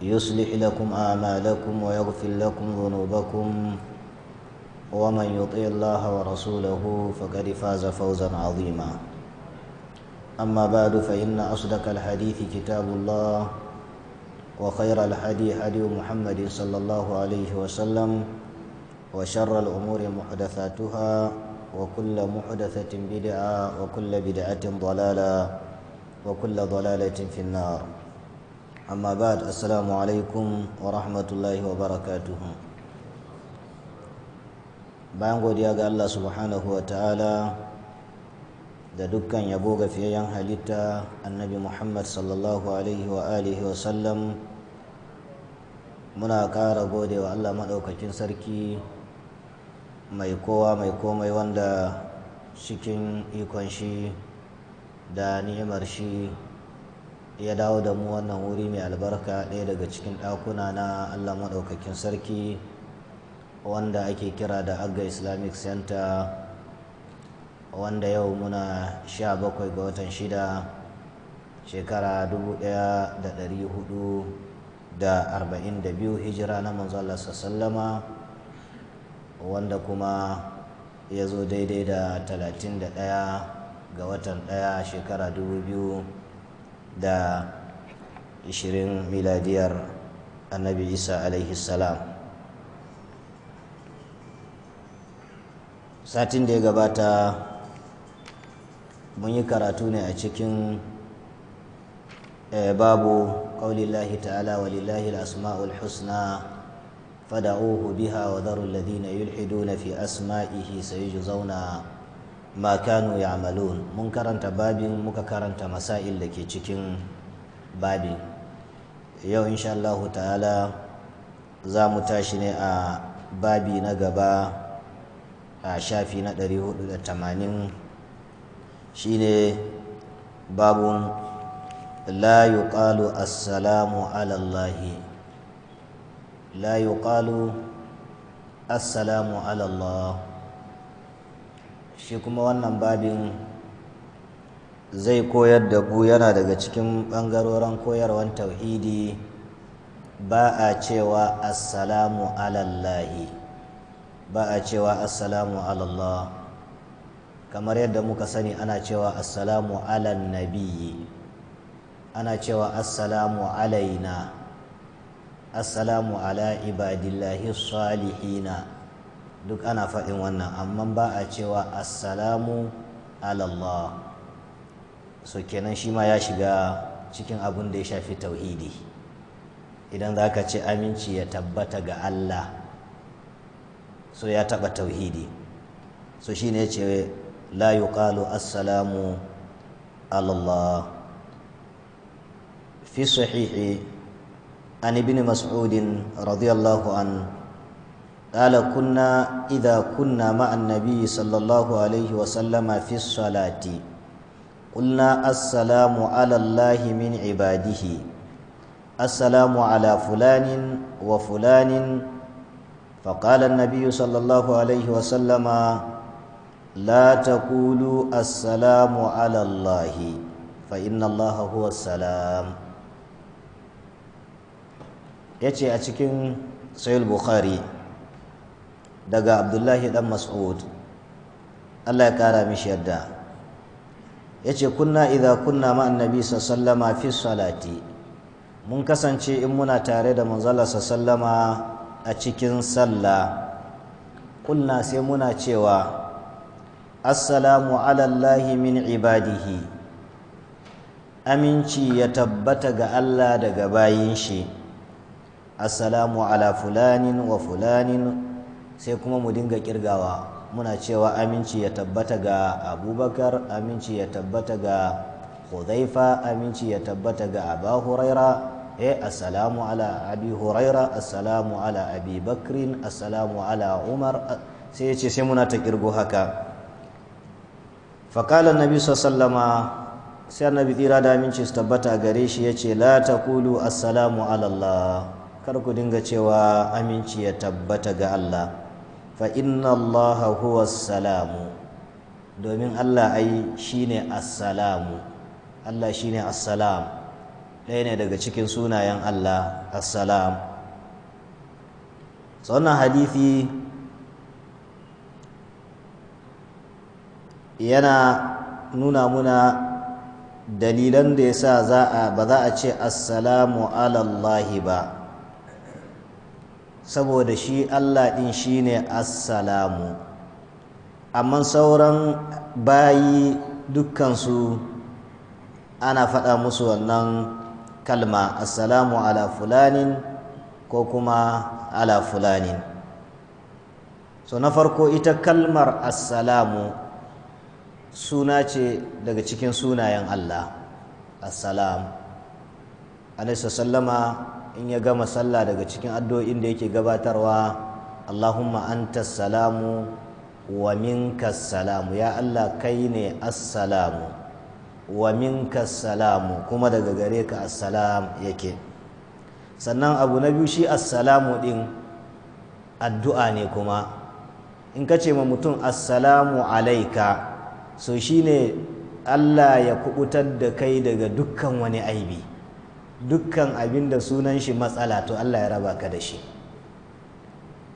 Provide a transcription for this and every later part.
يصلح لكم أعمالكم ويغفر لكم ذنوبكم ومن يطيع الله ورسوله فقد فاز فوزا عظيما أما بعد فإن أصدق الحديث كتاب الله وخير الحديث حديث محمد صلى الله عليه وسلم وشر الأمور محدثاتها وكل محدثة بدعة وكل بدعة ضلالة وكل ضلالة في النار amma ba'd assalamu alaikum wa rahmatullahi wa barakatuhu bayan godiya ga Allah subhanahu wa ta'ala da dukkan yabo ga fiyayyen halitta annabi Muhammad sallallahu alaihi wa alihi wa sallam muna ƙara gode wa Allah maɗaukakin sarki mai kowa mai komai wanda cikin ikon shi da ni'imar shi ya dawo da mu wannan wuri mai albarka ɗaya daga cikin ɗakuna na allah maɗaukakin sarki wanda ake kira da agga islamic center wanda yau muna sha bakwai ga watan shida shekara 1442 hijira na manzala sallama wanda kuma ya zo daidai da 31 ga watan ɗaya shekara 2000 da 20 miladiyar annabi isa alaihi salam satin da ya gabata mun yi karatu ne a cikin eh, babu ƙaulillahi ta'ala walillahi asma'ul husna fada'uhu biha wa dharu alladhina yulhiduna fi asma'ihi zauna. ma kanu ya'malun mun karanta babin muka karanta masail da ke cikin babin yau insha Allah ta'ala za mu tashi ne a babi na gaba a shafi na 480 shine babun la yuqalu assalamu ala Allahi la yuqalu assalamu ala Allah shi kuma wannan babin zai koyar da ku yana daga cikin ɓangarorin koyarwan tauhidi ba a cewa assalamu alallahi ba a cewa assalamu alallah kamar yadda muka sani ana cewa assalamu alan nabiyyi ana cewa assalamu alaina assalamu ala ibadillahi salihina duk ana faɗin wannan amma ba a cewa assalamu alallah so kenan shi ma ya shiga cikin abun da ya shafi tauhidi idan za ka ce aminci ya tabbata ga Allah so ya taɓa tauhidi so shi ne ce la yuqalu assalamu alallah fi sahihi an ibn mas'udin radiyallahu an قال كنا إذا كنا مع النبي صلى الله عليه وسلم في الصلاة قلنا السلام على الله من عباده السلام على فلان وفلان فقال النبي صلى الله عليه وسلم لا تقولوا السلام على الله فإن الله هو السلام يأتي أتكين سيد البخاري daga abdullahi dan mas'ud Allah ya kara mishi yadda ya ce kunna idha kunna ma nabi sallama fi salati mun kasance in muna tare da manzala sallama a cikin sallah kunna sai muna cewa assalamu alallahi min ibadihi aminci ya tabbata ga Allah daga bayin shi assalamu ala fulanin wa fulanin sai kuma mu dinga kirgawa muna cewa aminci ya tabbata ga abubakar aminci ya tabbata ga hudhaifa aminci ya tabbata ga aba huraira e assalamu ala abi huraira assalamu ala abi bakrin assalamu ala umar sai ya ce sai muna ta kirgo haka faƙalar nabi sallama sai annabi tsira da aminci su tabbata gare shi ya ce la kulu assalamu alallah kar ku dinga cewa aminci ya tabbata ga allah fa inna allaha huwa salamu domin allah ai shine assalamu allah shine assalam ɗaya ne daga cikin sunayen allah assalam wannan hadithi yana nuna muna dalilan da ya sa ba za a ce assalamu alallahi ba saboda shi Allah ɗin shi ne assalamu amma sauran bayi dukkansu ana faɗa musu wannan kalma assalamu ala fulanin ko kuma ala fulanin so na farko ita kalmar assalamu suna ce daga cikin sunayen Allah assalamu alaihi sallama in ya gama sallah daga cikin addu'o'in da yake gabatarwa Allahumma anta salamu wa minka salamu ya Allah kai ne assalamu wa minka salamu kuma daga gare ka assalam yake sannan abu na biyu shi assalamu din addu'a ne kuma in ka ce ma mutum assalamu alaika so shine Allah ya kubutar da kai daga dukkan wani aibi dukkan abin da sunan shi matsala to Allah ya raba ka da shi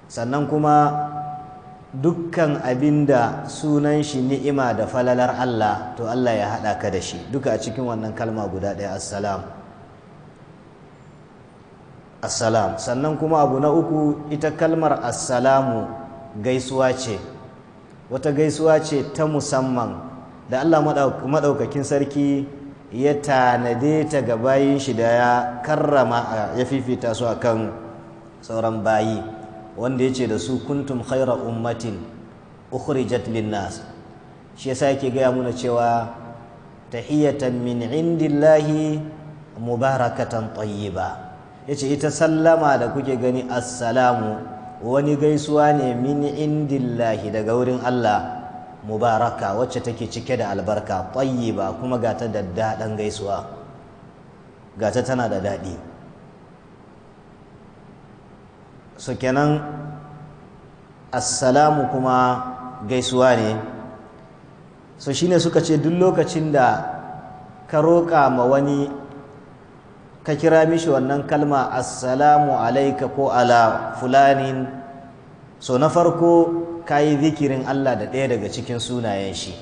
sannan kuma dukkan abin da sunan shi ni'ima da falalar Allah to Allah ya haɗa ka da shi duka a cikin wannan kalma guda ɗaya assalam assalam sannan kuma abu na uku ita kalmar assalamu gaisuwa ce wata gaisuwa ce ta musamman da Allah maɗaukakin sarki ya tanade ta ga bayin shi da ya karrama ya fifita su a kan sauran bayi wanda ya ce da su kuntum khaira ummatin ukhrijat linnas shi yasa yake gaya muna cewa tahiyatan min indillahi mubarakatan tayyiba yace ita sallama da kuke gani assalamu wani gaisuwa ne min indillahi daga wurin Allah mubaraka wacce take cike da albarka ba kuma gata da daɗin gaisuwa gata tana da daɗi su kenan assalamu kuma gaisuwa ne shi ne suka ce duk lokacin da ka roƙa ma wani ka kira mishi wannan kalma assalamu alaika ko ala fulani so na farko ka yi zikirin Allah da ɗaya daga cikin sunayen shi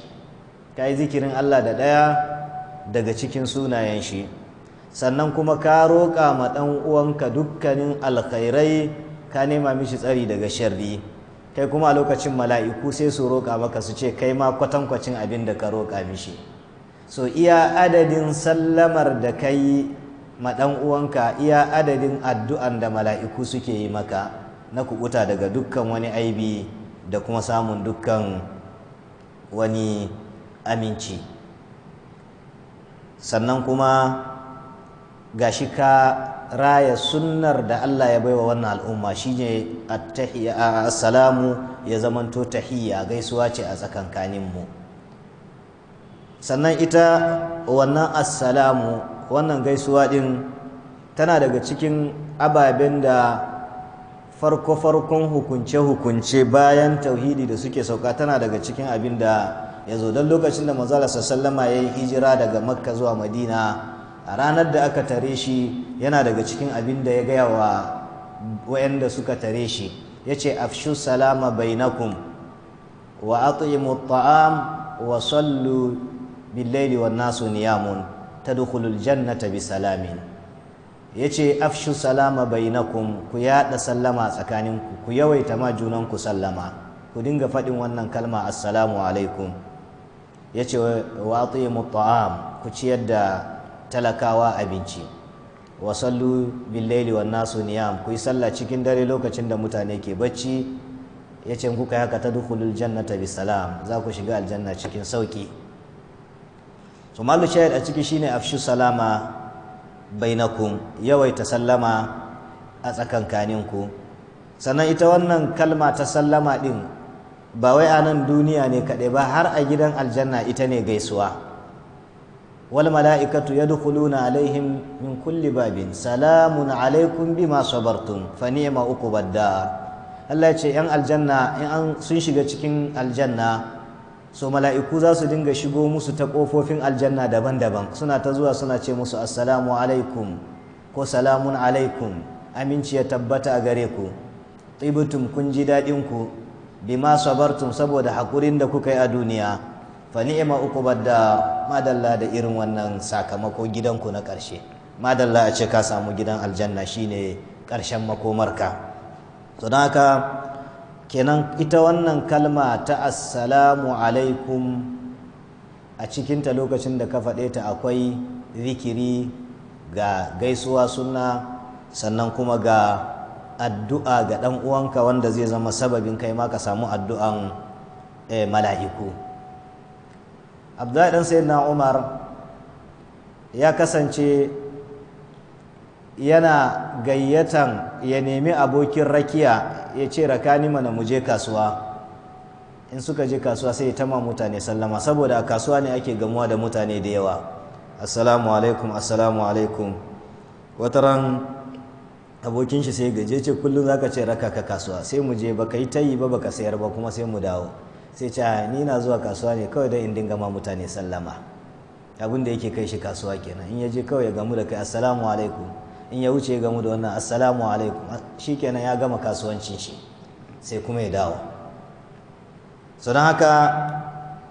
ka yi zikirin Allah da ɗaya daga cikin sunayen shi sannan kuma ka roƙa ma ɗan uwanka dukkanin alkhairai ka nema mishi tsari daga sharri kai kuma a lokacin mala'iku sai su roƙa maka su ce kai ma kwatankwacin abin da ka roƙa mishi so iya adadin sallamar da ka yi ma ɗan uwanka iya adadin addu'an da mala'iku suke yi maka na kukuta daga dukkan wani aibi da kuma samun dukkan wani aminci sannan kuma ga shi ka raya sunnar da Allah ya baiwa wannan al'umma shi shine assalamu ya zamanto tahiyya gaisuwa ce a tsakankanin sannan ita wannan assalamu wannan gaisuwa din tana daga cikin ababen da farko farkon hukunce hukunce bayan tauhidi da suke sauka tana daga cikin abin da ya zo don lokacin da manzala sallama ya yi hijira daga makka zuwa madina a ranar da aka tare shi yana daga cikin abin da ya gaya wa wayanda suka tare shi ya ce afshu salama bainakum wa atimu ta'am wa sallu billaili wa nasu niyamun tadkhulul jannata bi salamin ya ce afshu salama bainakum ku yaɗa sallama tsakanin ku yawaita ma junan ku sallama ku dinga faɗin wannan kalma assalamu alaikum ya ce wa ta'am ku ciyar da talakawa abinci wa sallu billaili wa nasu niyam ku yi sallah cikin dare lokacin da mutane ke bacci ya ce kuka haka ta dukulul jannata bi salam za ku shiga aljanna cikin sauki su malu shahid a ciki shine afshu salama bainakum yawaita sallama a tsakankaninku sannan ita wannan kalma ta sallama ɗin ba wai a nan duniya ne kaɗai ba har a gidan aljanna ita ne gaisuwa wal mala'ikatu yadkhuluna alaihim min kulli babin salamun alaikum bima sabartum fa ni'ma uqubad Allah ya ce yan aljanna in an sun shiga cikin aljanna so mala'iku za su dinga shigo musu ta ƙofofin aljanna daban-daban suna ta zuwa suna ce musu assalamu alaikum ko salamun alaikum aminci ya tabbata a gare ku tsibutun kun ji daɗin ku bima sabartum saboda haƙurin da kuka yi a duniya fa ni'ima uku da madalla da irin wannan sakamako gidanku na ƙarshe madalla a ce ka samu gidan aljanna shine ƙarshen makomarka to haka kenan ita wannan kalma ta assalamu alaikum a cikinta lokacin da ka faɗe ta akwai zikiri ga gaisuwa suna sannan kuma ga addu'a ga ɗan uwanka wanda zai zama sababin kai ma ka samu addu'an eh, mala'iku abdullahi ɗan sayyidina umar ya kasance yana gayyatan ya nemi abokin rakiya ya ce rakani mana mu je kasuwa in suka je kasuwa sai ya tama mutane sallama saboda a kasuwa ne ake gamuwa da mutane da yawa assalamu alaikum assalamu alaikum wataran abokin shi sai gaje ce kullum zaka ce raka ka kasuwa sai mu je baka yi tayi ba baka sayar ba kuma sai mu dawo sai ce ni na zuwa kasuwa ne kawai da in dinga ma mutane sallama abin da yake kai shi kasuwa kenan in ya je kawai ya gamu da kai assalamu alaikum in ya wuce gamu da wannan assalamu alaikum kenan ya gama kasuwancin shi sai kuma ya dawo so don haka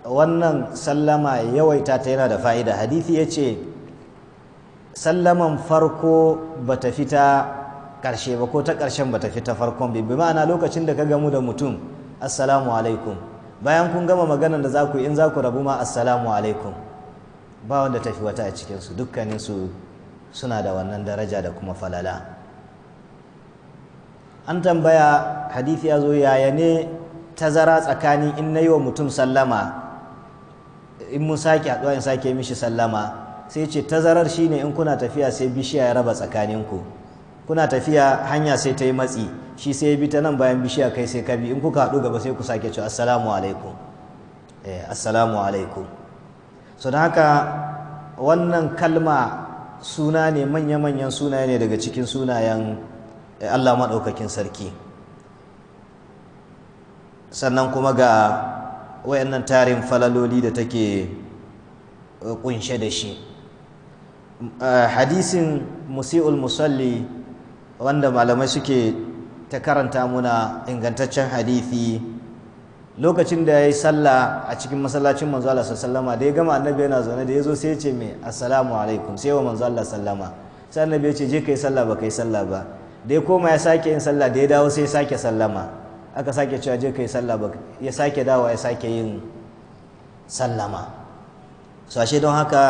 wannan sallama yawaita ta yana da fa'ida hadithi ya ce sallaman farko ba ta fita ƙarshe ba ko ta ƙarshen ba ta fita farkon bi ma'ana lokacin da ka gamu da mutum assalamu alaikum bayan kun gama maganan da za ku in za ku rabu ma assalamu alaikum ba wanda tafi wata a cikinsu dukkaninsu suna da wannan daraja da kuma falala an tambaya hadithi ya zo yaya ne tazara tsakanin in na yi wa mutum sallama in mun sake haɗuwa in sake mishi sallama sai ce tazarar shine in kuna tafiya sai bishiya ya raba tsakaninku kuna tafiya hanya sai ta yi matsi shi sai ya bi ta nan bayan bishiya kai sai ka bi in kuka haɗu gaba sai ku sake cewa assalamu alaikum eh assalamu alaikum so don haka wannan kalma suna ne manya-manyan sunaye ne daga cikin sunayen eh, Allah maɗaukakin sarki sannan kuma ga wayannan tarin falaloli da take eh, kunshe da shi eh, hadisin musi'ul musalli wanda malamai suke ta karanta muna ingantaccen hadithi lokacin da ya yi sallah a cikin masallacin manzo Allah sallama da ya gama annabi yana zaune da ya zo sai ya ce mai assalamu alaikum sai wa manzo Allah sallama sai annabi ya ce je kai sallah ba kai sallah ba da ya koma ya sake yin sallah da ya dawo sai ya sake sallama aka sake cewa je kai sallah ba ya sake dawa ya sake yin sallama so ashe don haka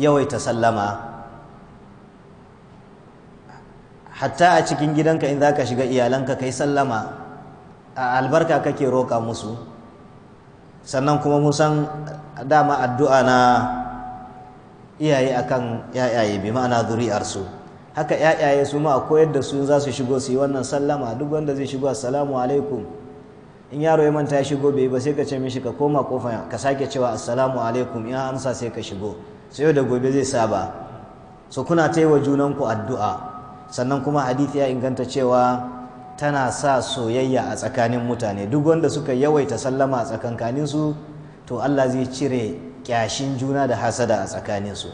yawaita sallama hatta a cikin gidanka in zaka shiga iyalanka kai sallama A albarka kake roƙa musu sannan kuma musan san dama addu'a na iyaye akan yayaye bi ma'ana zuri'arsu haka yayaye su ma a koyar da su za su shigo su yi wannan sallama duk wanda zai shigo assalamu alaikum in yaro ya manta ya shigo bai ba sai ka ce mishi ka koma kofa ka sake cewa assalamu alaikum in amsa sai ka shigo sai da gobe zai saba so kuna ta yi wa junanku addu'a sannan kuma hadisi ya inganta cewa tana sa soyayya a tsakanin mutane duk wanda suka yawaita sallama a tsakankanin su to Allah zai cire kyashin juna da hasada a tsakanin su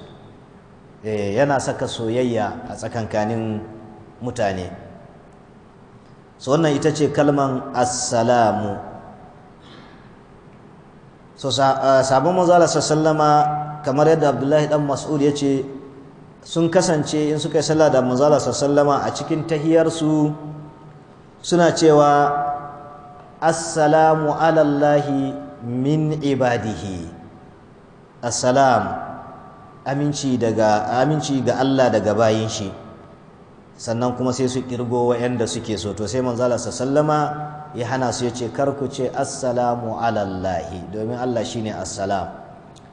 eh, yana saka soyayya a tsakankanin mutane so wannan ita ce kalman assalamu so eh, sabon manzala sallama kamar yadda Abdullahi dan Mas'ud ya ce sun kasance in suka yi sallah da manzala sallama a cikin tahiyar su suna cewa assalamu alallahi min ibadihi assalam aminci daga aminci ga Allah daga bayin shi sannan kuma sai su kirgo wa'anda suke so to sai manzala sallama ya hana su ya ce kar ku ce assalamu alallahi domin Allah shine assalam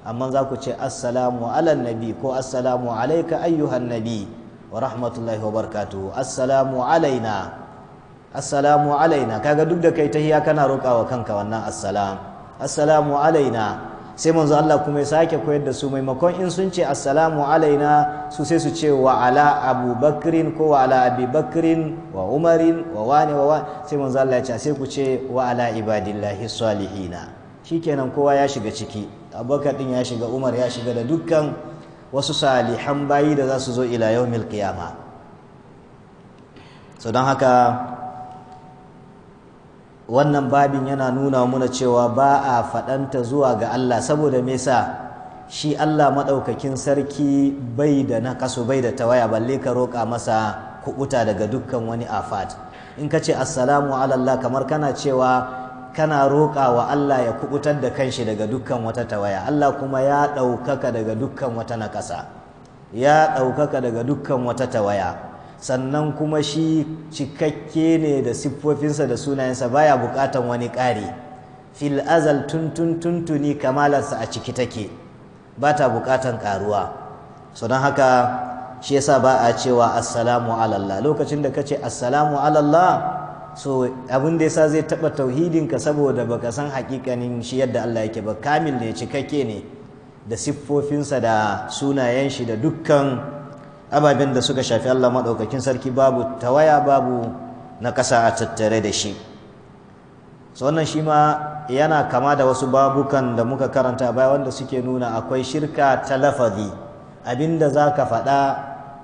amma za ku ce assalamu alan nabi ko assalamu alaika ayyuhan nabi wa rahmatullahi wa barkatu assalamu alaina assalamu alaina kaga duk da kai ta tahiya kana wa kanka wannan assalam assalamu alaina sai manzo Allah kuma ya sake koyar da su maimakon in sun ce assalamu alaina su sai su ce wa ala Bakrin ko wa ala Bakrin wa umarin wa wani wa wani sai manzo Allah ya ce sai ku ce wa ala ibadillahi salihina shikenan kowa ya shiga ciki abubakar din ya shiga umar ya shiga da dukkan wasu salihan bayi da za su zo ila yaumil qiyama so don haka wannan babin yana nuna muna cewa ba a faɗanta zuwa ga Allah saboda me sa shi Allah maɗaukakin sarki bai da nakasu bai da tawaya balle ka roƙa masa kuɓuta daga dukkan wani afat in ka ce assalamu alallah kamar kana cewa kana roƙa wa Allah ya kuɓutar da kanshi daga dukkan wata tawaya Allah kuma ya ɗaukaka daga dukkan wata nakasa ya ɗaukaka daga dukkan wata tawaya sannan kuma shi cikakke ne da siffofinsa da sunayensa baya bukatan wani ƙari fil azal tuntun tuntuni kamalarsa a ciki take ba ta bukatan karuwa so don haka shi yasa ba a cewa assalamu alallah lokacin da kace assalamu alallah so abin da yasa zai taba tauhidin ka saboda baka san hakikanin shi yadda Allah yake ba kamil ne cikakke ne da siffofinsa da sunayen shi da dukkan ababen da suka shafi Allah maɗaukakin sarki babu tawaya babu na ƙasa a tattare da shi wannan shi ma yana kama da wasu babukan da muka karanta baya wanda suke nuna akwai shirka ta lafazi abinda za ka faɗa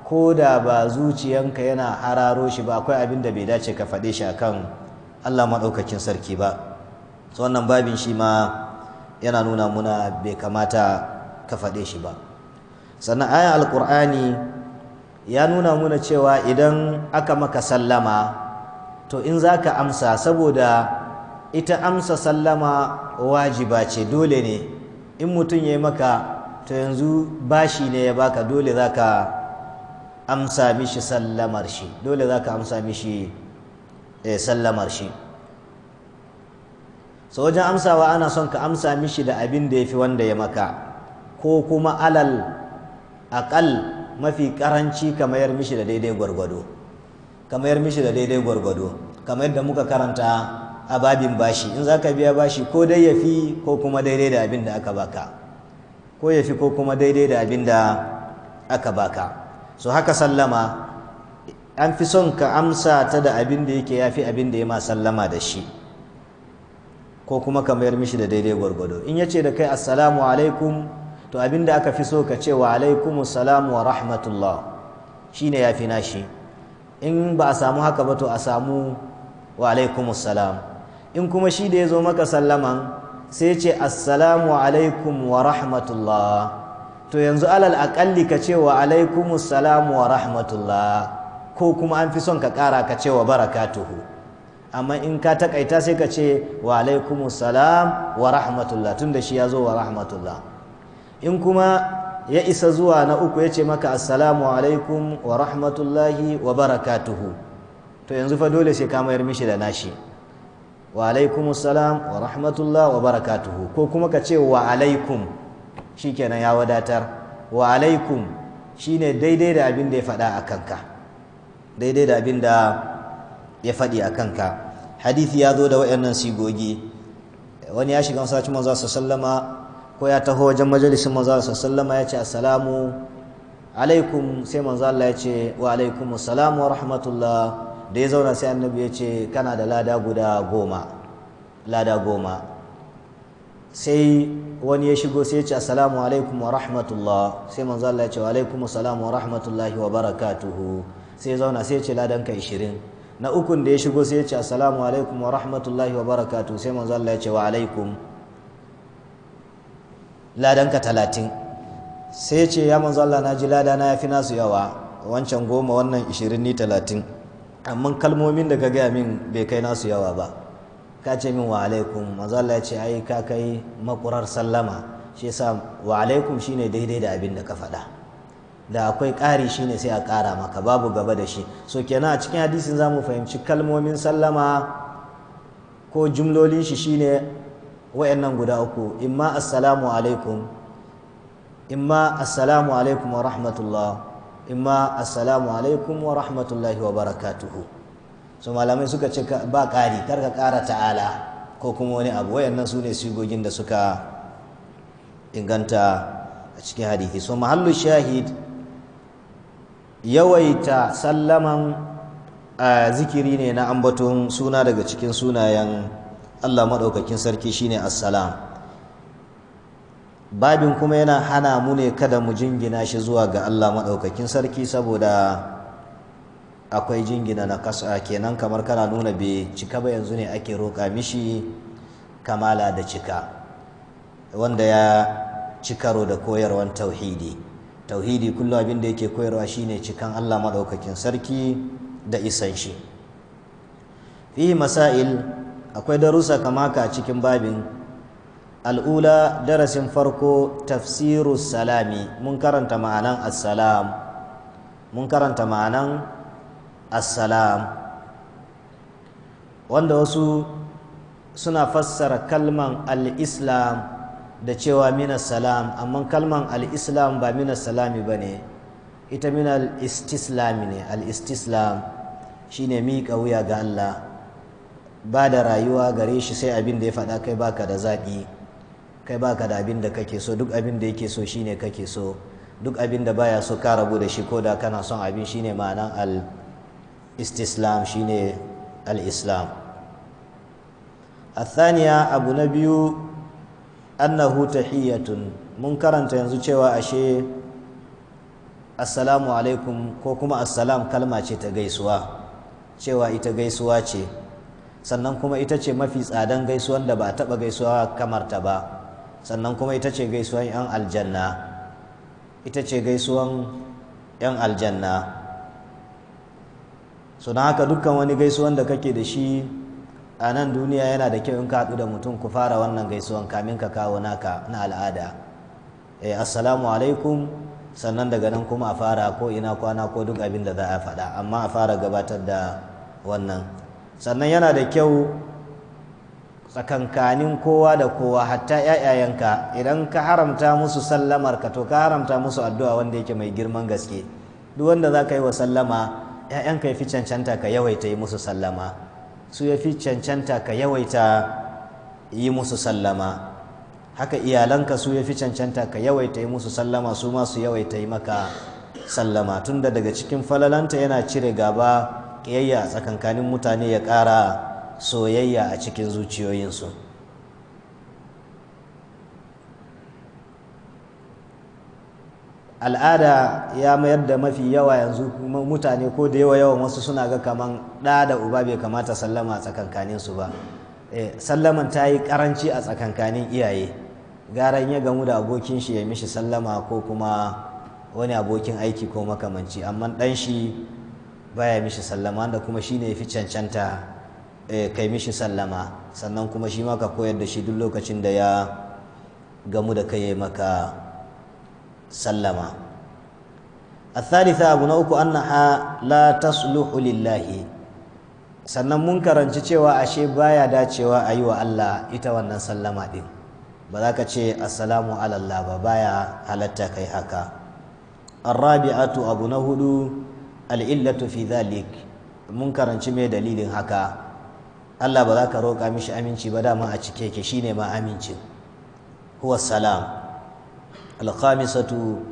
ko da ba zuciyanka yana hararo shi ba akwai abin da bai dace ka faɗe shi akan Allah maɗaukakin sarki ba wannan babin shi ma yana nuna muna bai kamata ka faɗe shi ba sannan ayan alƙur'ani ya nuna muna cewa idan aka maka sallama to in za ka amsa saboda ita amsa sallama wajiba ce dole ne in mutum ya yi maka to yanzu bashi ne ya baka dole za ka amsa mishi sallamar shi dole za ka amsa mishi eh, sallamar shi so wajen amsawa ana son ka amsa mishi da abin da ya fi wanda ya maka ko kuma alal aƙal mafi karanci ka mayar mishi da daidai gwargwado kamar mayar mishi da daidai gwargwado kamar yadda muka karanta a babin bashi in za ka biya bashi ko dai ya fi ko kuma daidai da abin da aka baka ko ya fi ko kuma daidai da abin da aka baka so haka sallama an fi son ka amsa ta da abin da yake ya fi abin da ya ma sallama da shi ko kuma ka mayar mishi da daidai gwargwado in ya ce da kai assalamu alaikum to abinda aka fi so ka ce wa alaikumus salam wa rahmatullah ya fi nashi in ba a samu haka ba to a samu wa alaikumus salam in kuma shi da ya zo maka sallaman sai ce assalamu alaikum wa rahmatullah to yanzu alal aƙalli ka ce wa alaikumus salam wa rahmatullah ko kuma an fi son ka ƙara ka ce wa barakatuhu amma in ka takaita sai ka ce wa alaikumus salam wa rahmatullah tunda shi ya zo wa rahmatullah in kuma ya isa zuwa na uku ya ce maka assalamu alaikum wa rahmatullahi wa barakatuhu to yanzu fa dole sai ka mayar mishi da nashi wa alaikum assalam wa rahmatullahi wa barakatuhu ko kuma ka ce wa alaikum shikenan ya wadatar wa alaikum shine daidai da abin da ya faɗa a kanka daidai da abin da ya faɗi a kanka hadithi ya zo da waɗannan sigogi wani ya shiga masallacin manzo sallama ko ya taho wajen majalisin manzo Allah sallama ya ce assalamu alaikum sai manzo Allah ya ce wa alaikum assalamu wa rahmatullah da ya zauna sai annabi ya ce kana da lada guda goma lada goma sai wani ya shigo sai ya ce assalamu alaikum wa rahmatullah sai manzo Allah ya ce wa alaikum assalamu wa rahmatullahi wa barakatuhu sai ya zauna sai ya ce ladan ka 20 na ukun da ya shigo sai ya ce assalamu alaikum wa rahmatullahi wa barakatuhu sai manzo Allah ya ce wa alaikum ladanka talatin sai ce ya manzo Allah na ji ladana ya fi nasu yawa wancan goma wannan ishirin ni talatin amma kalmomin da ka gaya min bai kai nasu yawa ba ka ce min wa alaikum manzo Allah ya ce ai ka kai makurar sallama shi yasa wa alaikum shine daidai da abin da ka faɗa da akwai ƙari shine sai a ƙara maka babu gaba da shi so kenan a cikin hadisin zamu fahimci kalmomin sallama ko jumlolin shi shine wayannan guda uku imma assalamu alaikum imma assalamu alaikum wa rahmatullah imma assalamu alaikum wa rahmatullahi wa barakatuhu so malamai suka ce ba ƙari kar ka ƙara ta'ala ko kuma wani abu wayannan su ne sigogin da suka inganta a cikin hadithi so mahallu shahid yawaita sallaman zikiri ne na ambaton suna daga cikin sunayen Allah maɗaukakin sarki shine assalam babin kuma yana hana mu ne kada mu jingina shi zuwa ga Allah maɗaukakin sarki saboda akwai jingina na kasa kenan kamar kana nuna bai cika ba yanzu ne ake roƙa mishi kamala da cika wanda ya ci karo da koyarwan tauhidi tauhidi kullum abin da yake koyarwa shine cikan Allah maɗaukakin sarki da isan shi Fi masail akwai darussa kamaka cikin babin al'ula darasin farko tafsiru salami mun karanta ma'anan assalam mun karanta ma'anan assalam wanda wasu suna fassara kalman al'islam da cewa mina salam amma kalman al'islam ba mina salami ba ne ita minal istislami ne al'istislam shi ne miƙa wuya ga Allah ba da rayuwa gare shi sai abin da ya faɗa kai baka da zaɓi kai baka da abin da kake so duk abin da yake so shine kake so duk abin da baya so ka rabu da shi ko da kana son abin shine ma'anan al istislam shine al islam athaniya abu na biyu annahu tahiyyatun mun karanta yanzu cewa ashe assalamu alaikum ko kuma assalam kalma ce ta gaisuwa cewa ita gaisuwa ce sannan kuma ita ce mafi tsadan gaisuwan da ba a taɓa gaisuwa kamar ta ba sannan kuma ita ce gaisuwan 'yan aljanna ita ce gaisuwan 'yan aljanna so na haka dukkan wani gaisuwan da kake da shi a nan duniya yana da kyau in ka haɗu da mutum ku fara wannan gaisuwan kamin ka kawo naka na al'ada eh assalamu alaikum sannan daga nan kuma a fara ko ina kwana ko duk abin da za a faɗa amma a fara gabatar da wannan sannan yana da kyau tsakankanin kowa da kowa hatta ‘ya'yayenka idan ka haramta musu sallamar ka to ka haramta musu addu'a wanda yake mai girman gaske duk wanda za ka yi wa sallama ‘ya'yanka ya fi cancanta ka yawaita yi musu sallama su ya fi cancanta ka yawaita yi musu sallama haka iyalanka su ya fi cancanta ka yawaita yi musu sallama su ma su yawaita yi maka sallama tunda daga cikin falalanta yana cire gaba ƙiyayya tsakankanin mutane ya ƙara soyayya a cikin zuciyoyinsu al'ada ya mayar da mafi yawa yanzu mutane ko da yawa yawan wasu suna ga kaman ɗa da uba bai kamata sallama a su ba eh, sallaman ta yi ƙaranci a tsakankanin iyaye garan ya gamu da abokin shi ya mishi sallama ko kuma wani abokin aiki ko makamanci amma ɗan shi baya mishi sallama da kuma shine fi cancanta eh, kai mishi sallama sannan kuma shi ma ka koyar da shi duk lokacin da ya gamu da kai maka sallama الثالثة abu na uku, لا تصلح lillahi sannan mun karanci cewa ashe baya dacewa a yi wa Allah ita wannan sallama ɗin ba za ka ce assalamu alallah ba baya halatta kai haka arrabi'atu abu na hudu al'illatu fi zalik mun karanci mai dalilin haka Allah ba za ka roƙa mishi aminci ba dama a cike ke shine ma amincin huwa salam alkhamisatu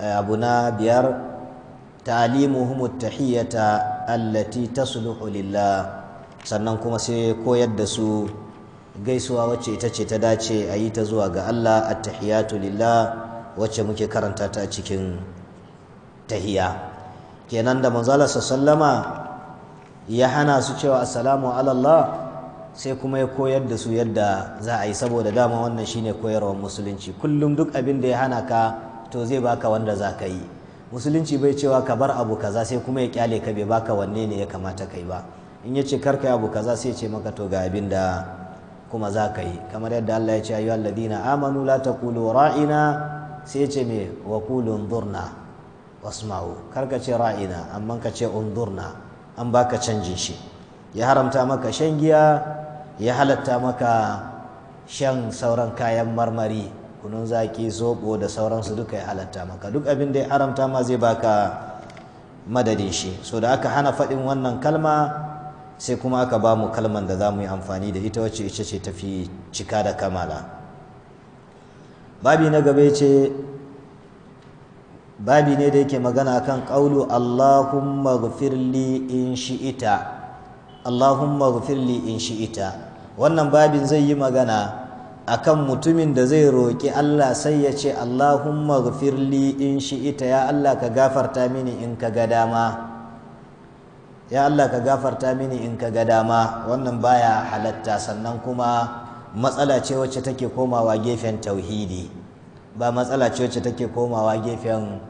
eh, abu na biyar ta'limuhum ta tahiyyata allati tasluhu lillah sannan kuma sai koyar da su gaisuwa wacce ita ce ta dace a yi ta zuwa ga Allah at-tahiyatu lillah wacce muke karanta ta cikin tahiya kenan da manzala sallama ya hana su cewa assalamu alallah sai kuma ya koyar da su yadda za a yi saboda dama wannan shine koyarwar musulunci kullum duk abin da ya hana ka to zai baka wanda za ka yi musulunci bai cewa ka bar abu kaza sai kuma ya kyale ka bai baka wanne ne ya kamata kai ba in ya ce karka abu kaza sai ce maka to ga abin da kuma za ka yi kamar yadda Allah ya ce ayyuhal ladina amanu la taqulu ra'ina sai ce me wa qulu wasma'u kar ka ce ra'ina amma ka ce undurna an baka canjin shi ya haramta maka shan giya ya halatta maka shan sauran kayan marmari kunun zaki zobo da sauransu duka ya halatta maka duk abin da ya haramta ma zai baka madadin shi so da aka hana faɗin wannan kalma sai kuma aka ba mu kalman da za mu yi amfani da ita wacce ita ce tafi cika da kamala babi na gaba ya ce babi ne da yake magana kan ƙaulu Allahumma ghfirli in shi'ita Allahumma in shi'ita wannan babin zai yi magana akan mutumin da zai roƙi Allah sai ya ce Allahumma ghfirli in shi'ita ya Allah ka gafarta mini in ka ga dama ya Allah ka gafarta mini in ka ga dama wannan baya halatta sannan kuma matsala ce wacce take komawa gefen tauhidi ba matsala ce wacce take komawa gefen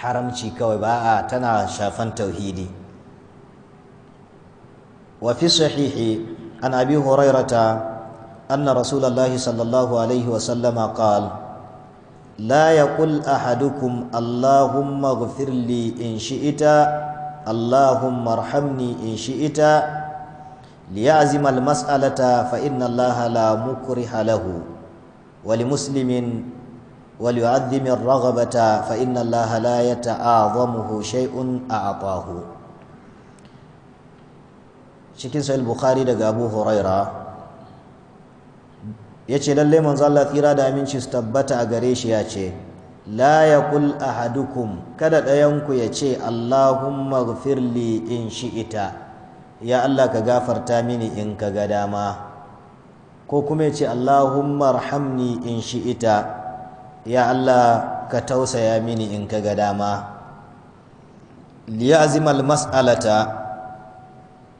haramci kawai ba a tana shafan tauhidi wa fi sahihi an abi hurairata anna rasulullahi sallallahu alaihi wasallam qala لا يقول أحدكم اللهم اغفر لي إن شئت اللهم ارحمني إن شئت ليعزم المسألة فإن الله لا مكره له ولمسلم وليعظم الرغبة فإن الله لا يتعاظمه شيء أعطاه cikin sahih bukhari daga abu huraira ya ce lalle Manzala tsira da aminci su tabbata a gare shi ya ce la yaqul ahadukum kada ɗayanku ya ce allahumma ghfirli in ita. ya Allah ka gafarta mini in ka ga dama ko kuma ya ce allahumma arhamni in ita? ya Allah ka tausaya mini in ka ga dama liyazimal mas'alata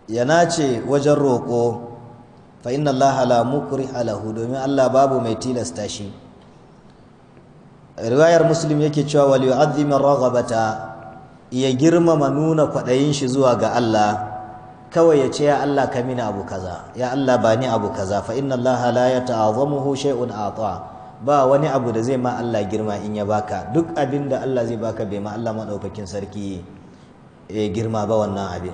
ya nace wajen roƙo fa inna Allah la mukri alahu, domin Allah babu mai tilasta shi riwayar muslim yake cewa wal yu'azzima raghabata ya girmama nuna kwaɗayin shi zuwa ga Allah kawai ya ce ya Allah ka mini abu kaza ya Allah ba ni abu kaza fa inna Allah la yata'azzamuhu shay'un ata ba wani abu da zai ma Allah girma in ya baka duk abin da Allah zai baka bai ma Allah maɗaukakin sarki ya girma ba wannan abin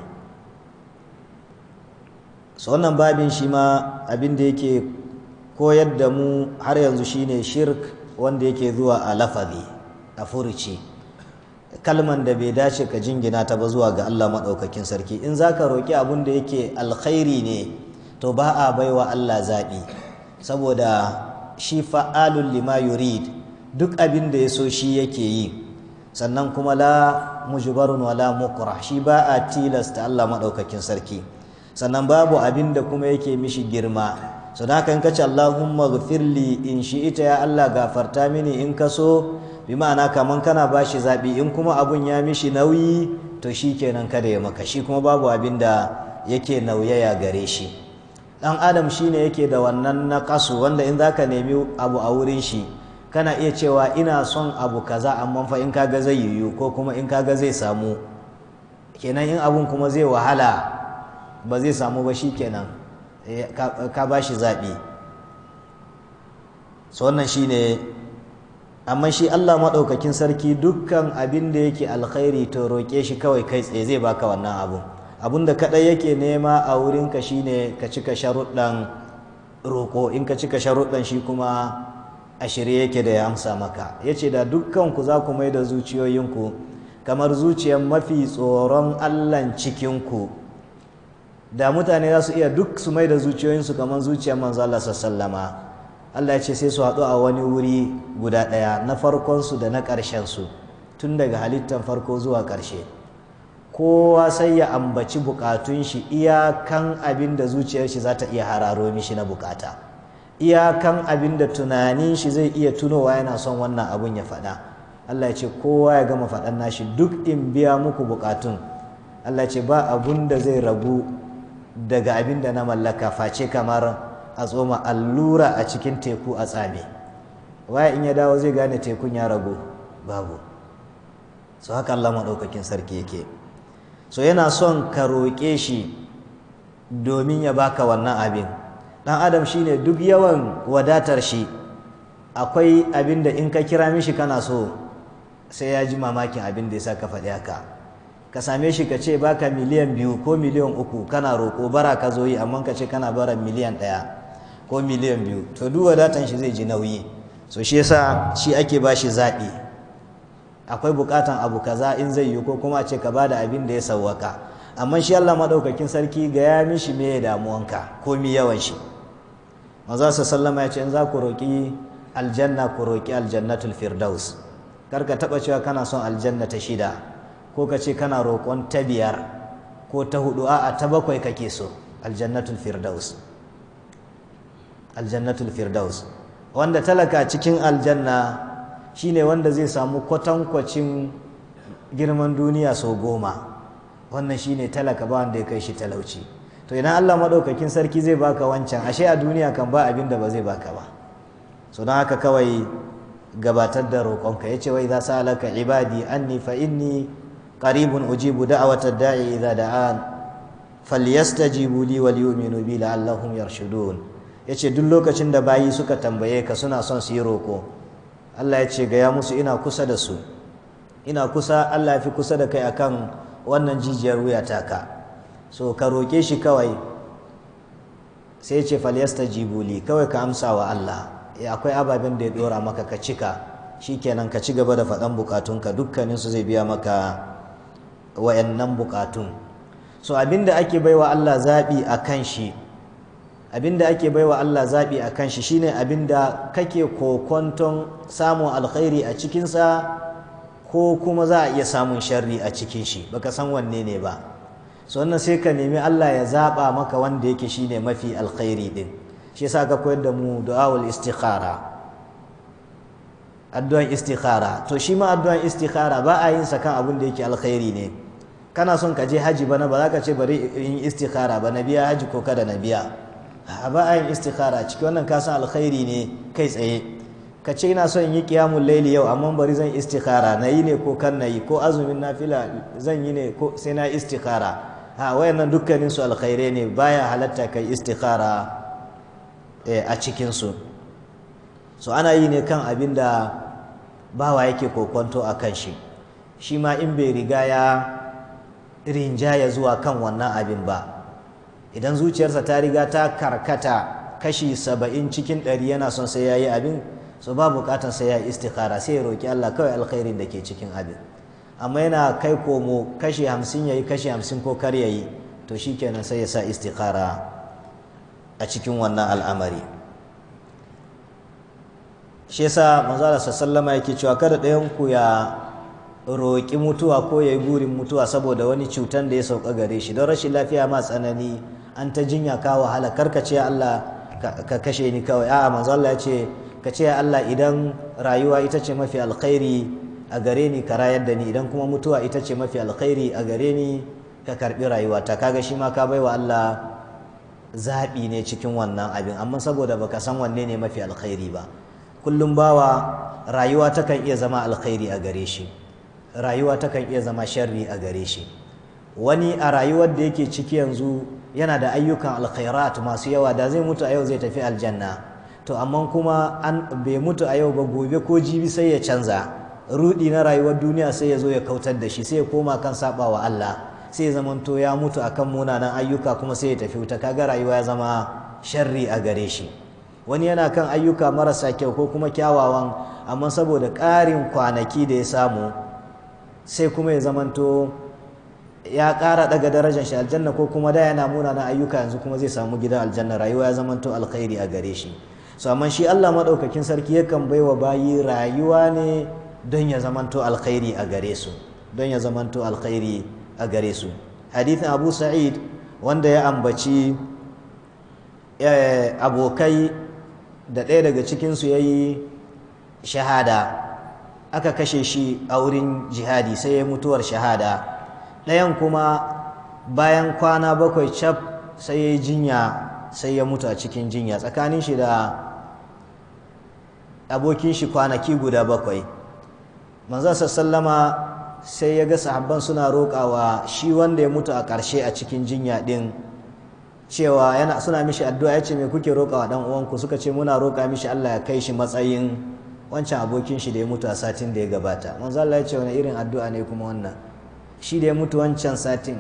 so wannan babin shi ma abin da yake koyar da mu har yanzu shine shirk wanda yake zuwa a lafazi a furuci kalman da bai dace ka jingina ta ba zuwa ga Allah maɗaukakin sarki in za ka roƙi abin da yake alkhairi ne to ba a baiwa Allah zaɓi saboda shi fa'alun lima yurid duk abin da ya so shi yake yi sannan kuma la wa wala mukura shi ba a tilasta Allah maɗaukakin sarki sannan babu abin da kuma yake mishi girma suna kan kace Allahumma ghfirli in shi ita ya Allah gafarta mini in ka so bi ma'ana kaman kana bashi zaɓi in kuma abun ya mishi nauyi to shi kenan kada ya maka shi kuma babu abin da yake nauyaya gare shi dan adam shine yake da wannan naqasu wanda in zaka nemi abu a wurin shi kana iya cewa ina son abu kaza amma fa in kaga zai yiwu ko kuma in kaga zai samu kenan in abun kuma zai wahala ba zai samu ba shikenan eh, ka bashi zaɓi so wannan shine amma shi Allah madaukakin sarki dukkan abin da yake alkhairi to roke shi kawai kai tsaye zai baka wannan abun da kaɗai yake nema a wurinka shine ka cika sharuɗan roƙo in ka cika sharuɗan shi kuma a shirye yake da ya amsa maka ya ce da dukkanku za ku mai da zuciyoyinku kamar zuciyar mafi tsoron allan cikinku da mutane za su iya duk su mai da zuciyoyinsu kamar zuciyar manzo Allah sallama Allah ya ce sai su haɗu a wani wuri guda ɗaya na farkonsu da na su tun daga halittar farko zuwa ƙarshe kowa sai ya ambaci bukatun shi iyakan abin da zuciyar shi za ta iya hararo mishi na bukata iyakan abin da tunanin shi zai iya tunowa yana son wannan abun ya faɗa Allah ya ce kowa ya gama faɗan nashi duk in biya muku bukatun Allah ce ba abun da zai ragu daga abin da na mallaka face kamar a tsoma allura a cikin teku a tsame waya in ya dawo zai gane tekun ya ragu babu so haka Allah maɗaukakin sarki yake so yana son ka roƙe shi domin ya baka wannan abin ɗan adam shine duk yawan wadatar shi akwai abin da in ka kira mishi kana so sai ya ji mamakin abin da ya sa ka faɗi haka ka same shi ka ce baka miliyan biyu ko miliyan uku kana roƙo bara ka zo yi amma ka ce kana bara miliyan ɗaya ko miliyan biyu to duk wadatan shi zai ji nauyi so shi yasa shi ake ba shi zaɓi akwai bukatan abu kaza in zai yi ko kuma a ce ka bada abin da ya sawwaka amma shi Allah madaukakin sarki ga ya mishi me damuwanka ko mi yawan shi maza su sallama ya ce in za ku roƙi aljanna ku roki aljannatul firdaus kar ka taba cewa kana son aljanna ta shida ko ka ce kana roƙon ta biyar ko ta hudu a'a ta bakwai kake so aljannatul firdaus aljannatul firdaus wanda talaka cikin aljanna shine wanda zai samu kwatankwacin girman duniya sau goma wannan shine talaka ba wanda ya kai shi talauci to idan Allah maɗaukakin sarki zai baka wancan ashe a duniya kan ba abin da ba zai baka ba so don haka kawai gabatar da roƙonka yace wai za salaka ibadi anni fa inni qaribun ujibu da'watad da'i da da'an falyastajibu li wal yu'minu bi la'allahum yarshudun yace duk lokacin da bayi suka tambaye ka suna son su yi roƙo Allah ya ce gaya musu ina kusa da su ina kusa Allah ya fi kusa da kai akan wannan jijiyar wuya ka. so ka roƙe shi kawai sai ce falyasta jibuli kawai ka amsa wa Allah Ya eh, akwai ababen da ya dora maka ka cika shi shikenan ka ci gaba da faɗan bukatunka dukkaninsu zai biya maka wayannan bukatun so abinda ake baiwa Allah zaɓi akan shi abinda ake baiwa Allah zaɓi a kan shi shine abinda kake kokonton samun alkhairi a cikinsa ko kuma za a iya samun sharri a cikin shi baka san wanne ne ba so wannan sai ka nemi Allah ya zaɓa maka wanda yake shine mafi alkhairi din shi yasa ka koyar da mu du'awul istikhara addu'an istikhara to shi ma addu'an istikhara ba a yin sa kan abin da yake alkhairi ne kana son ka je haji bana ba za ka ce bari in istikhara ba na biya haji ko kada na biya ba a yin istikhara ciki wannan kasan alkhairi ne kai tsaye ka ce ina son yi kiyamun laili yau amma bari zan istikhara na yi ne ko kan na yi ko azumin nafila zan yi ne ko sai na istikhara ha wayannan dukkanin su alkhairai ne baya halatta kai istikhara eh, a cikin su so ana yi ne kan abin da bawa yake kokonto a kan shi shi ma in bai riga ya rinjaya zuwa kan wannan abin ba idan zuciyarsa ta riga ta karkata kashi saba'in cikin ɗari yana son sai ya yi abin su ba buƙatar sai ya yi istikhara sai ya roƙi Allah kawai alkhairin da ke cikin abin amma yana kai komo kashi hamsin ya yi kashi hamsin ko kar ya yi to shi kenan sai ya sa istikhara a cikin wannan al'amari shi yasa manzala sassallama yake cewa kada ɗayan ku ya roƙi mutuwa ko ya yi burin mutuwa saboda wani cutan da ya sauka gare shi don rashin lafiya ma tsanani an ta jinya ka wahala kar ka ce Allah ka kashe ni kawai a'a manzo Allah ya ce ka ce Allah idan rayuwa ita ce mafi alkhairi a gare ni ka rayar da ni idan kuma mutuwa ita ce mafi alkhairi a gare ni ka karbi rayuwa ta kaga shi ma ka baiwa Allah zabi ne cikin wannan abin amma saboda baka san wanne ne mafi alkhairi ba kullum bawa rayuwa takan iya zama alkhairi a gare shi rayuwa takan iya zama sharri a gare shi wani a rayuwar da yake ciki yanzu yana da ayyukan alkhairat masu yawa da zai mutu a yau zai tafi aljanna to amma kuma an bai mutu a yau ba gobe ko jibi sai ya canza rudi na rayuwar duniya sai ya zo ya kautar da shi sai ya koma kan saba wa Allah sai ya zamanto ya mutu akan munanan ayyuka kuma sai ya tafi wuta kaga rayuwa ya zama sharri a gare shi wani yana kan ayyuka marasa kyau ko kuma kyawawan amma saboda ƙarin kwanaki da ya samu sai kuma ya zamanto ya ƙara daga darajar shi aljanna ko kuma da yana muna na ayyuka yanzu kuma zai samu gidan aljanna rayuwa ya zamanto alkhairi a gare shi so amma shi Allah madaukakin sarki yakan baiwa bayi rayuwa ne don ya to alkhairi a gare su don ya to alkhairi a gare su hadithin Abu Sa'id wanda ya ambaci eh, abokai da ɗaya daga cikin su yayi shahada aka kashe shi a wurin jihadi sai ya mutuwar shahada ɗayan kuma bayan kwana bakwai cap sai ya yi jinya sai ya mutu a cikin jinya tsakanin shi da abokin shi kwanaki guda bakwai manzan sallama sai ya ga sahabban suna roƙawa shi wanda ya mutu a ƙarshe a cikin jinya ɗin cewa yana suna mishi addu'a ya ce me kuke roƙawa ɗan uwanku suka ce muna roƙa mishi Allah ya kai shi matsayin wancan abokin shi da ya mutu a satin da ya gabata manzo Allah ya ce wani irin addu'a ne kuma wannan shi da ya mutu wancan satin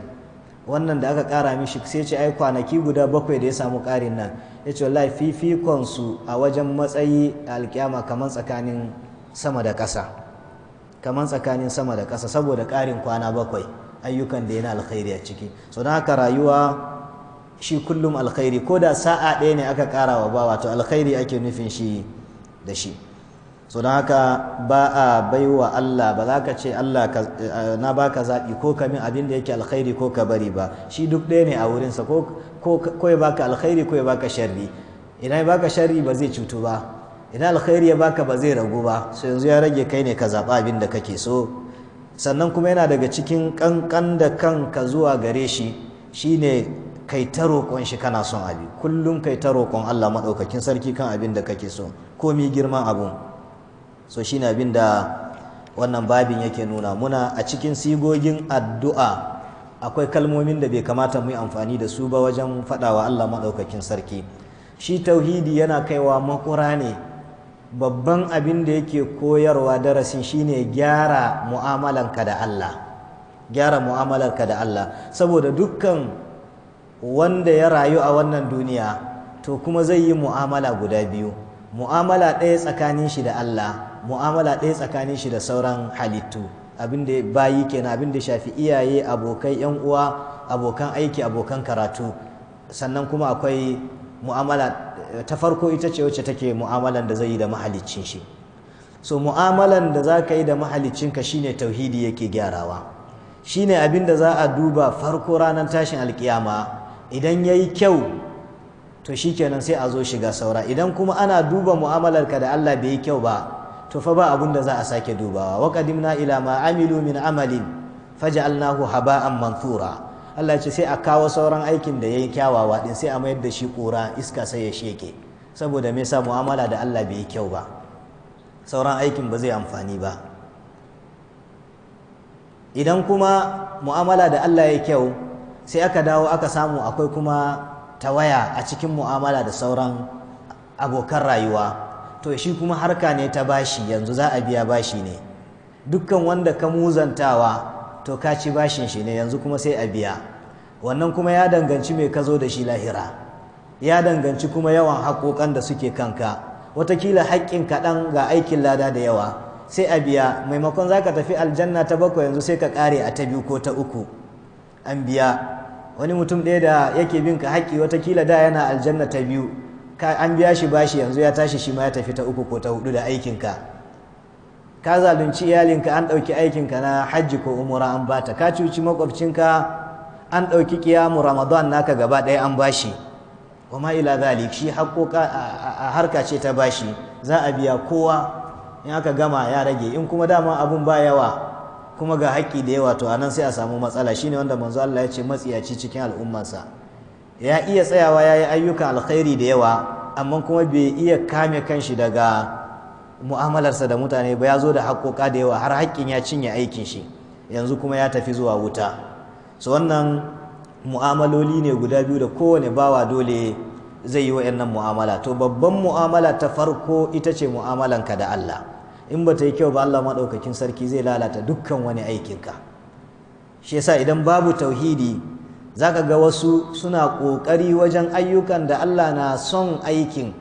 wannan da aka kara mishi sai ce ai kwanaki guda bakwai da ya samu karin nan ya ce wallahi fifikon su a wajen matsayi alkiyama kamar tsakanin sama da kasa kamar tsakanin sama da ƙasa saboda karin kwana bakwai ayyukan da yana alkhairi a ciki so don haka rayuwa shi kullum alkhairi ko da sa'a ɗaya ne aka kara wa ba wato alkhairi ake nufin shi da shi so don haka ba a baiwa Allah ba za ka ce Allah eh, na ba ka zaɓi ko ka min abin da yake alkhairi ko ka bari ba shi duk ɗaya ne a wurinsa ko ya baka alkhairi ko ya baka sharri Ina ya baka sharri ba zai cutu ba Ina alkhairi ya baka ba zai ragu ba so yanzu ya rage kai ne ka zaɓa abin da kake so sannan kuma yana daga cikin ƙanƙan da kanka zuwa gare shi shine kai ta roƙon shi kana son abi kullum kai ta roƙon Allah maɗaukakin sarki kan abin da kake so komi girman abun so shi ne abin da wannan babin yake nuna muna a cikin sigogin addu'a akwai kalmomin da bai kamata mu yi amfani da su ba wajen faɗawa Allah maɗaukakin sarki shi tauhidi yana kaiwa makura ne babban abin da yake koyarwa darasin shine gyara mu'amalanka da Allah gyara mu'amalarka da Allah saboda dukkan wanda ya rayu a wannan duniya to kuma zai yi mu'amala guda biyu mu'amala ɗaya tsakanin shi da Allah mu'amala ɗaya tsakanin shi da sauran halittu abin da bayi kenan abin da shafi iyaye abokai yan uwa abokan aiki abokan karatu sannan kuma akwai mu'amala ta farko ita ce wacce take mu'amalan da zai yi da mahaliccin shi so mu'amalan da za ka yi da ka shine tauhidi yake gyarawa shine abin da za a duba farko ranar tashin alkiyama idan ya yi kyau to shikenan sai a zo shiga saura idan kuma ana duba mu'amalarka da allah bai yi kyau ba to fa ba abun da za a sake dubawa wa qadimna ila ma amilu min amalin faj'alnahu haba'an manthura Allah ce sai a kawo sauran aikin da yayi kyawawa din sai a mayar da shi kura iska sai ya sheke saboda me yasa mu'amala da Allah bai yi kyau ba sauran aikin ba zai amfani ba idan kuma mu'amala da Allah ya kyau sai aka dawo aka samu akwai kuma tawaya a cikin mu'amala da sauran abokan rayuwa to shi kuma harka ne ta bashi yanzu za a biya bashi ne dukkan wanda ka muzantawa to ka ci bashin shi ne yanzu kuma sai a biya wannan kuma ya danganci mai ka zo da shi lahira ya danganci kuma yawan haƙoƙan da suke kanka watakila haƙƙin kaɗan ga aikin lada da yawa sai a biya maimakon za ka tafi aljanna ta bakwai yanzu sai ka ƙare a ta biyu ko ta uku an biya wani mutum ɗaya da yake bin ka haƙƙi watakila da yana aljanna ta biyu an biya shi bashi yanzu ya tashi shi ma ya tafi ta uku ko ta hudu da aikinka ka zalunci iyalinka an ɗauki aikinka na hajji ko umura an bata ka cuci makwabcinka an ɗauki kiyamu ramadan naka gaba ɗaya an bashi wa ma ila zalik shi haƙoƙa a harka ce ta bashi za a biya kowa in aka gama ya rage in kuma dama abun ba yawa kuma ga haƙƙi da yawa to anan sai a samu matsala shine wanda manzo Allah ya ce matsiyaci cikin al'ummarsa ya iya tsayawa ya yi ayyukan alkhairi da yawa amma kuma bai iya kame kanshi daga mu'amalarsa da mutane ba ya zo da haƙoƙa da yawa har haƙƙin ya cinye aikin shi yanzu kuma ya tafi zuwa wuta su wannan mu'amaloli ne guda biyu da kowane bawa dole zai yi wa'annan mu'amala to babban mu'amala ta farko ita ce mu'amalanka da Allah in ba ta yi kyau ba Allah maɗaukakin sarki zai lalata dukkan wani aikinka shi yasa idan babu tauhidi za ka ga wasu suna ƙoƙari wajen ayyukan da Allah na son aikin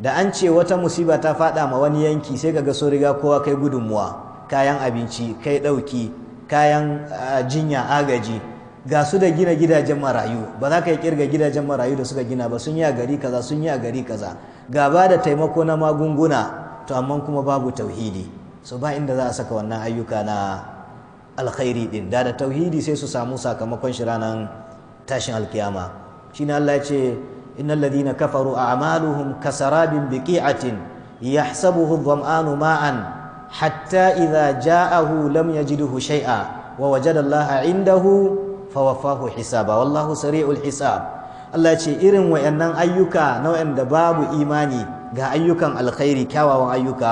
da an ce wata musiba ta faɗa ma wani yanki sai ka ga so riga kowa kai gudunmuwa kayan abinci kai ɗauki kayan ah, jinya agaji ga su da gina gidajen marayu ba za ka yi kirga gidajen marayu da suka gina ba sun yi a gari kaza sun yi a gari kaza ga ba da taimako na magunguna to amma kuma babu tauhidi so ba inda za a saka wannan ayyuka na alkhairi din da da tauhidi sai su samu sakamakon shi ranar tashin alkiyama shine Allah ya ce innal ladina kafaru a'maluhum kasarabin biqi'atin yahsabuhu dhama'anu ma'an hatta idza ja'ahu lam yajidhu shai'a wa wajada Allah 'indahu fawafahu hisaba wallahu sari'ul hisab Allah ce irin wayannan ayyuka na wayanda babu imani ga ayyukan alkhairi kyawawan ayyuka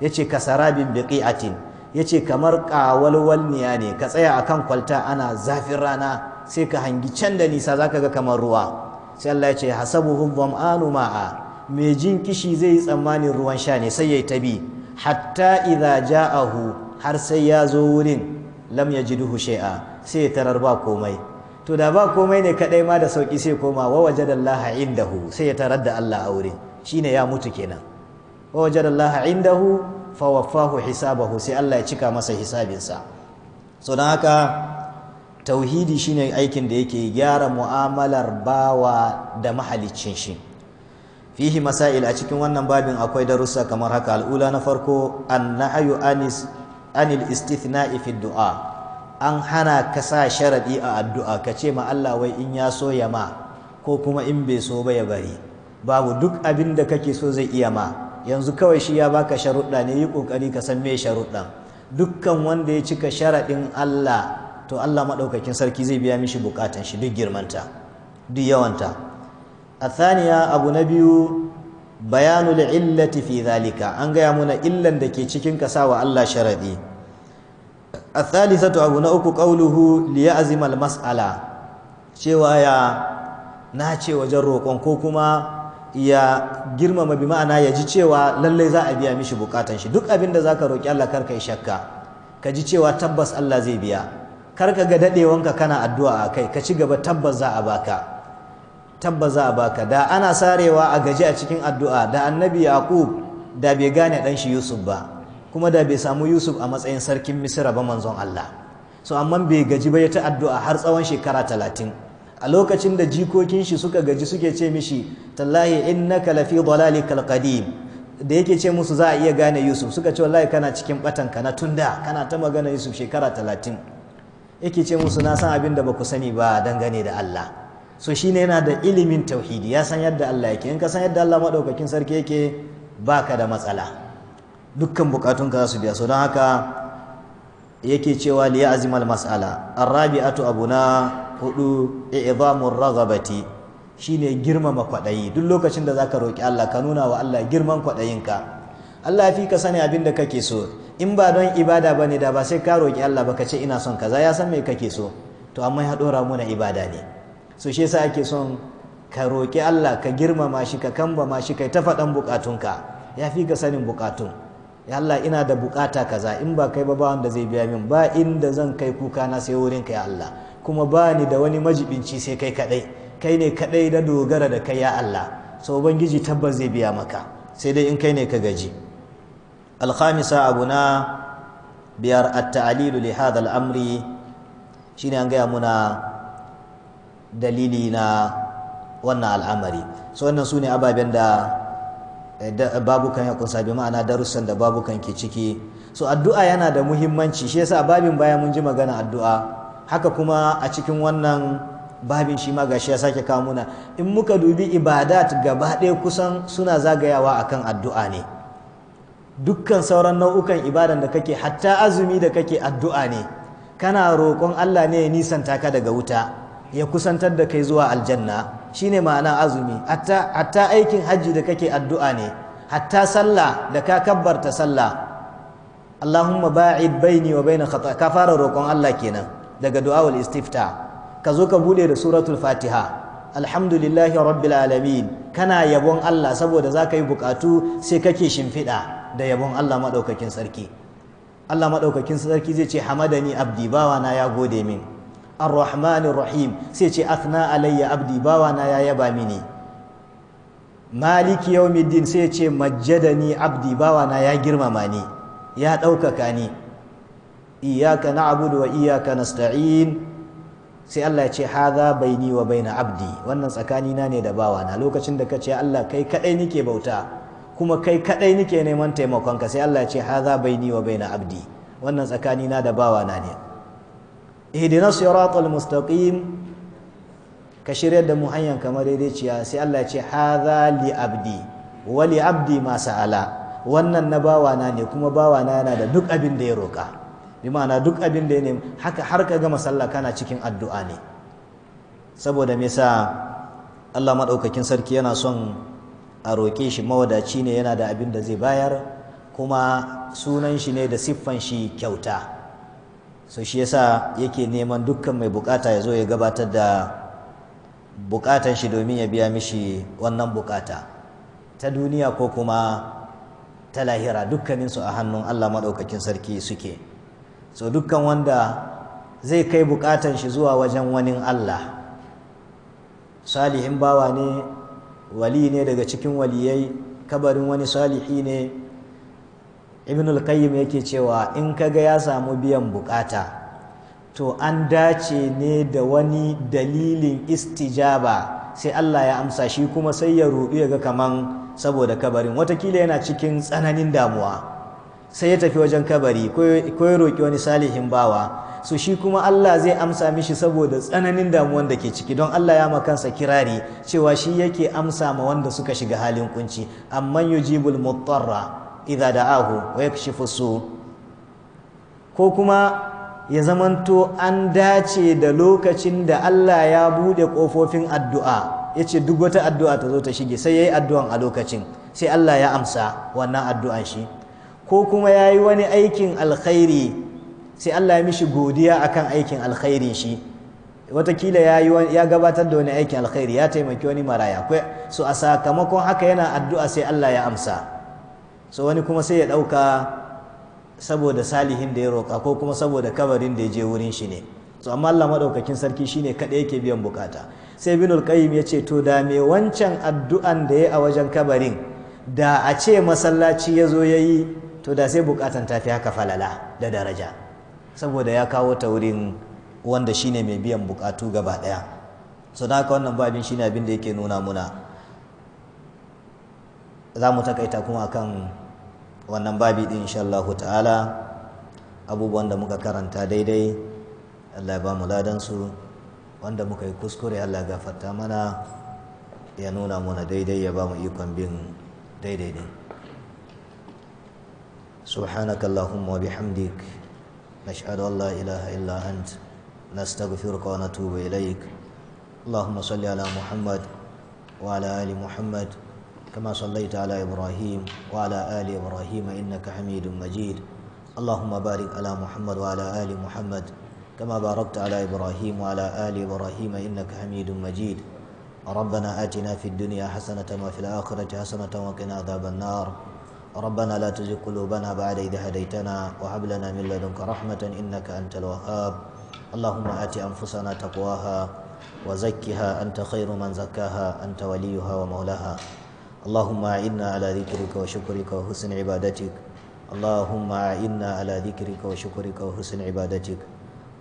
yace kasarabin biqi'atin yace kamar kawalwalniya ne ka tsaya akan kwalta ana zafin rana sai ka hangi can da nisa za ka ga kamar ruwa sai Allah ya ce hasabuhum zam'anu ma'a mai jin kishi zai yi tsammanin ruwan sha ne sai yayi tabi hatta idza ja'ahu har sai ya zo wurin lam yajiduhu shay'a sai ya tarar ba komai to da ba komai ne kadai ma da sauki sai koma wa wajadallaha indahu sai ya tarar da Allah a wurin shine ya mutu kenan wa wajadallaha indahu fawaffahu hisabahu sai Allah ya cika masa hisabinsa so haka tauhidi shine aikin da yake gyara mu'amalar bawa da mahaliccin shi fihi masail a cikin wannan babin akwai darussa kamar haka al'ula na farko annahyu anis anil istithna'i fi du'a an hana ka sa sharadi a addu'a ka ce ma Allah wai in ya so ya ma ko kuma in bai so ba ya bari babu duk abin da kake so zai iya ma yanzu kawai shi ya baka sharuɗa ne yi kokari ka san me sharuɗan dukkan wanda ya cika sharaɗin Allah to Allah maɗaukakin sarki zai biya mishi bukatan shi duk girmanta duk yawanta a thaniya abu na biyu bayanu illati fi zalika an gaya muna illan da ke cikin kasa wa Allah sharaɗi a thalithatu abu na uku ƙauluhu liya azimal mas'ala cewa ya nace wajen roƙon ko kuma ya girmama bi ma'ana ya ji cewa lallai za a biya mishi bukatan shi duk abin da zaka roƙi Allah karka yi shakka ka ji cewa tabbas Allah zai biya kar ka ga dadewanka kana addu'a a kai. ka ci gaba tabbas za a baka tabbas za a baka da ana sarewa a gaji a cikin addu'a da annabi yaqub da bai gane dan shi yusuf ba kuma da bai samu yusuf a matsayin sarkin misira ba manzon Allah so amma bai gaji ba ya ta addu'a har tsawon shekara talatin a lokacin da jikokin shi suka gaji suke ce mishi tallahi innaka lafi dalalikal qadim da yake ce musu za a iya gane yusuf suka ce wallahi kana cikin batanka na tunda kana ta magana yusuf shekara talatin yake ce musu na san abin da ba ku sani ba dangane da Allah so ne yana da ilimin tauhidi ya san yadda Allah yake in ka san yadda Allah maɗaukakin sarki yake ka da matsala dukkan bukatun za su biya so don haka yake cewa liya azimal mas'ala abu na hudu i'zamur raghabati shine girmama kwadayi duk lokacin da zaka roki Allah ka nuna wa Allah girman kwadayinka Allah ya fi ka sani abin da kake so in ba don ibada ba ne da ba sai ka roƙi Allah ba ka ce ina son kaza ya san me kake so to amma ya ɗora mu na ibada ne so shi yasa ake son ka roƙi Allah ka girmama shi ka kambama shi kai ta faɗan buƙatunka ya fi ka sanin buƙatun ya Allah ina da buƙata kaza in ba kai ba ba wanda zai biya min ba inda zan kai kuka na sai wurin ka ya Allah kuma ba ni da wani majibinci sai kai kaɗai kai ne kaɗai da dogara da kai ya Allah so ubangiji tabbas zai biya maka sai dai in kai ne ka gaji alhamisa abu na biyar at-ta'lilu li hadha al-amri shine an gaya muna dalili na wannan al'amari so wannan ne ababen eh, da babukan ya kunsa bi ma'ana darussan da babu kan ke ciki so addu'a yana da muhimmanci shi yasa babin baya mun ji magana addu'a haka kuma a cikin wannan babin shi ma gashi ya sake kawo muna in muka dubi ibadat gaba ɗaya kusan suna zagayawa akan addu'a ne dukkan sauran nau'ukan ibadan da kake hatta azumi da kake addu'a ne kana roƙon Allah ne ya nisanta ka daga wuta ya kusantar da kai zuwa aljanna shine ma'ana azumi hatta hatta aikin hajji da kake addu'a ne hatta sallah da ka kabbarta sallah Allahumma ba'id baini wa baina khata ka fara roƙon Allah kenan daga du'awul istifta ka zo ka bude da suratul fatiha alhamdulillahi rabbil alamin kana yabon Allah saboda zaka yi bukatu sai kake shimfiɗa da yabon Allah maɗaukakin sarki Allah maɗaukakin sarki zai ce hamadani abdi bawana ya gode min ar-rahmanir rahim sai ce athna alayya abdi bawana ya yaba mini maliki yawmiddin sai ce majjadani abdi bawana ya girmama ni ya ɗaukaka ni iyaka na'budu wa iyaka nasta'in sai Allah ya ce haza baini wa baina abdi wannan tsakanina ne da bawana lokacin da ka ce Allah kai kadai nike bauta kuma kai kadai nake neman taimakonka sai Allah ya ce hadha baini wa baina abdi wannan tsakani na da bawa na ne ihdinas siratal mustaqim ka shirya da mu hanyar kamar daidaiciya sai Allah ce haza li abdi wa li abdi ma sa'ala wannan na bawana ne kuma bawana yana da duk abin da ya roka bi ma'ana duk abin da ya nemi haka har ka gama sallah kana cikin addu'a ne saboda me yasa Allah madaukakin sarki yana son a roƙe shi mawadaci ne yana da abin da zai bayar kuma sunan shi ne da siffan shi kyauta so shi yasa yake neman dukkan mai bukata ya zo ya gabatar da bukatan shi domin ya biya mishi wannan bukata ta duniya ko kuma ta lahira dukkaninsu a hannun Allah maɗaukakin sarki suke so dukkan wanda zai kai bukatan shi zuwa wajen wani Allah salihin bawa ne wali ne daga cikin waliyai kabarin wani salihi ne ibn al-qayyim yake cewa in kaga ya samu biyan bukata to an dace ne da wani dalilin istijaba sai Allah ya amsa shi kuma sai ya ruɗu ga kaman saboda kabarin watakila yana cikin tsananin damuwa sai ya tafi wajen kabari ko ya roƙi wani salihin bawa so shi kuma Allah zai amsa mishi saboda tsananin damuwan da ke ciki don Allah ya ma kansa kirari cewa shi yake amsa ma wanda suka shiga halin kunci amman yujibul muttarra idza da'ahu wa yakshifu su ko kuma ya zamanto an dace da lokacin da Allah ya bude kofofin addu'a ya ce duk wata addu'a ta zo ta shige sai ya yi addu'an a lokacin sai Allah ya amsa wannan addu'an shi ko kuma ya yi wani aikin alkhairi sai Allah ya mishi godiya akan aikin alkhairin shi watakila ya yi ya gabatar da wani aikin alkhairi ya taimaki wani maraya kwe so a sakamakon haka yana addu'a sai Allah ya amsa so wani kuma sai ya dauka saboda salihin da ya roƙa ko kuma saboda kabarin da ya je wurin shi ne so amma Allah madaukakin sarki shine kaɗai yake biyan bukata sai binul qayyim ya ce to da me wancan addu'an da ya a wajen kabarin da a ce masallaci ya zo ya yi to da sai bukatan ta fi haka falala da daraja saboda ya kawo ta wurin wanda shine mai biyan bukatu gaba daya so na haka wannan babin shine abin da yake nuna muna za mu takaita kuma akan wannan babi din insha Allah ta'ala abubuwan da muka karanta daidai Allah ya ba mu ladan su wanda muka yi kuskure Allah ya gafarta mana ya nuna mana daidai ya ba mu ikon bin daidai ne subhanakallahumma wa bihamdika نشهد أن لا إله إلا أنت نستغفرك ونتوب إليك اللهم صل على محمد وعلى آل محمد كما صليت على إبراهيم وعلى آل إبراهيم إنك حميد مجيد اللهم بارك على محمد وعلى آل محمد كما باركت على إبراهيم وعلى آل إبراهيم إنك حميد مجيد ربنا آتنا في الدنيا حسنة وفي الآخرة حسنة وقنا عذاب النار ربنا لا تزغ قلوبنا بعد إذ هديتنا وهب لنا من لدنك رحمة إنك أنت الوهاب اللهم آت أنفسنا تقواها وزكها أنت خير من زكاها أنت وليها ومولاها اللهم أعنا على ذكرك وشكرك وحسن عبادتك اللهم أعنا على ذكرك وشكرك وحسن عبادتك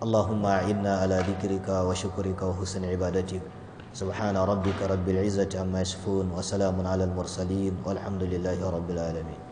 اللهم أعنا على ذكرك وشكرك وحسن عبادتك سبحان ربك رب العزة عما يصفون وسلام على المرسلين والحمد لله رب العالمين